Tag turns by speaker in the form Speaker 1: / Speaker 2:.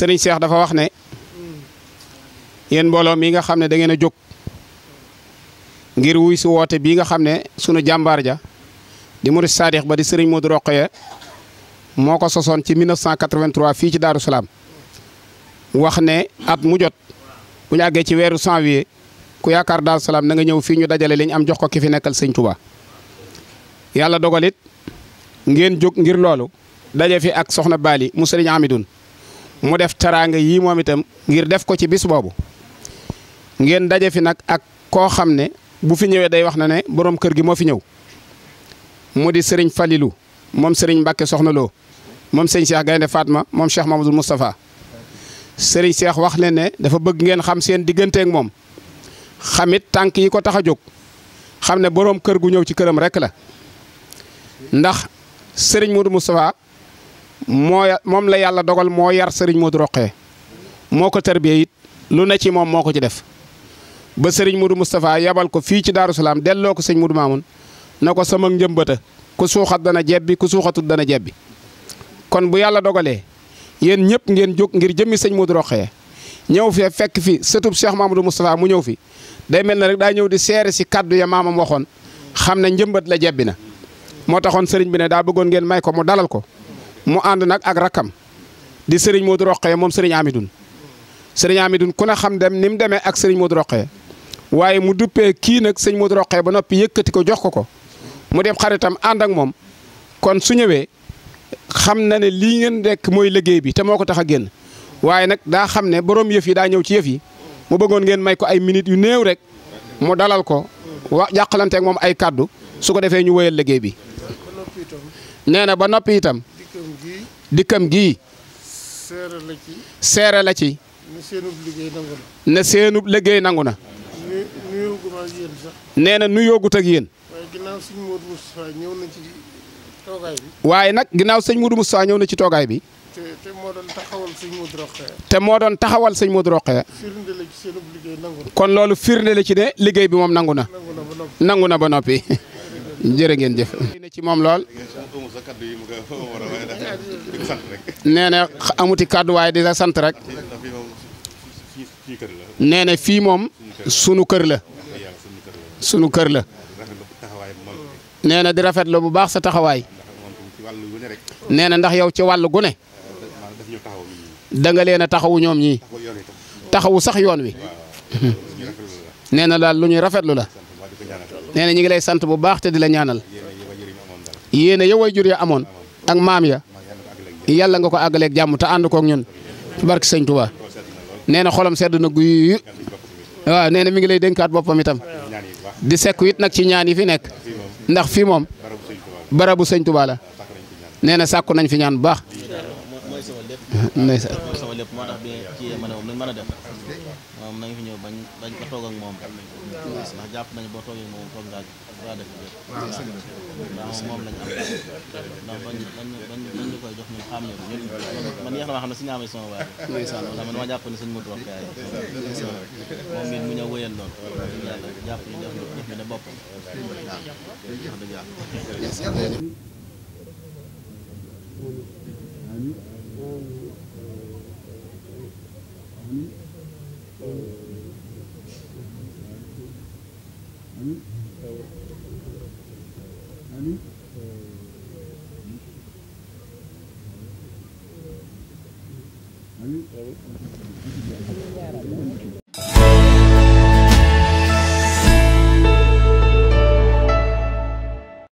Speaker 1: sëriñ Cheikh dafa wax ne yéen mbooloo mii nga xam ne dangeen a jóg ngir wuy si woote bii nga xam ne sunu jàmbaar ja di murid saadix ba di sëriñ moo Modou ya moo ko sosoon ci 1983 fii ci Daaru Salaam wax ne at mu jot bu ñu àggee ci weeru janvier ku yaakaar Daaru Salaam na nga ñëw fii ñu dajale li am jox ko ki fi nekkal sëñ Touba yàlla dogalit ngeen jóg ngir loolu daje fi ak soxna Bali mu sëriñ Amidoun mu def taraanga yii moom itam ngir def ko ci bis boobu ngeen daje fi nag ak koo xam ne bu fi ñëwee day wax na ne borom kër gi moo fi ñëw mu di sëriñ Falilou moom sëriñ Mbacke Soxna Lo moom sëñ Cheikh Gaynde Fatma moom Cheikh Mamadou Moustapha sëriñ Cheikh wax leen ne dafa bëgg ngeen xam seen digganteeg moom xamit tànk yi ko tax a jóg xam ne boroom kër gu ñëw ci këram rek la ndax sëriñ Modou Moustapha. moo moom la yàlla dogal moo yar sëriñ Modou Rokhaya moo ko tarbiyee it lu ne ci moom moo ko ci def ba sëriñ Modou Moustapha yabal ko fii ci Daaru Salaam delloo ko sëñ Modou Mamoun na ko sama a ku suuxat dana jebbi ku suuxatut dana jebbi kon bu yàlla dogalee yéen ñëpp ngeen jóg ngir jëmmi sëñ Modou Rokhaya ñëw fi fekk fi sëtub Cheikh Mamadou Moustapha mu ñëw fi day mel ne rek daa ñëw di seere si kàddu ya maamam waxoon xam ne njëmbat la jebbi na moo taxoon sëriñ bi ne daa bëggoon ngeen may ko mu dalal ko mu ànd nag ak rakkam di Serigne Modou Rokhaya moom Serigne Amidoune Serigne Amidoune ku ne xam dem ni mu demee ak Serigne Modou Rokhaya waaye mu duppee kii nag sëñ Modou Rokhaya ba noppi yëkkati ko jox ko ko mu dem xaritam ànd ak moom kon su ñëwee xam na ne lii ngeen nekk mooy liggéey bi te moo ko tax a génn waaye nag daa xam ne borom yëf yi daa ñëw ci yëf yi mu bëggoon ngeen may ko ay minutes yu néew rek mu dalal ko wa jàqalanteeg moom ay kàddu su ko defee ñu wéyal liggéey bi nee na ba noppi itam dikkam gii. dikkam gii.
Speaker 2: seere la ci.
Speaker 1: seere la ci. ne seenub liggéey nangu na.
Speaker 2: ne na. nu nuyoogu ma
Speaker 1: nee na nuyoogut ak waaye nag ginnaaw sëñ Modou Moustapha ñëw na ci toogaay bi.
Speaker 2: te moo doon taxawal sëñ Modou Rokhaya. te moo doon taxawal sëñ Modou Rokhaya. firnde kon loolu firnde la ci ne liggéey bi moom nangu na. nangu
Speaker 1: na ba noppi. jërë ngeen jëf. ci moom lool. nee na amuti kàdduwaay di la sant rek.
Speaker 2: nee na fii moom sunu kër la. sunu kër la.
Speaker 1: nee na di rafetlu bu baax sa taxawaay. nee na ndax yow ci wàllu gune da nga leen a taxawu ñoom ñii. taxawu sax yoon wi. nee na daal lu ñuy rafetlu la. nee na ñu ngi lay sant bu baax te di la ñaanal yéen a yow way jur ya amoon ak maam ya yàlla nga ko àggaleeg jàmm te ànd koog ñun ci barke sëñ Touba na xolam sedd na guy waaw nee na mi ngi lay dénkaat boppam itam di sekku it nag ci ñaan yi fi nekk ndax fi moom barabu sëñ Touba la nee na sàkku nañ fi ñaan baax.
Speaker 2: ndeysaan mooy sama lépp moo tax bi kii ma ne moom nañ mën a def moom nañ fi ñëw bañ bañ ko toog ak moom ndax jàpp nañ boo toogee moom toog ngaa waa def lépp ndax moom lañ am ndax bañ bañ bañ ñu koy jox ñu xam ne man na damaa xam ne suñu amee sama waay wala man ma jàpp ne suñu motu waxkaay moom it mu ñëw wëyal lool yàlla jàpp ñu def ñu ne boppam amiin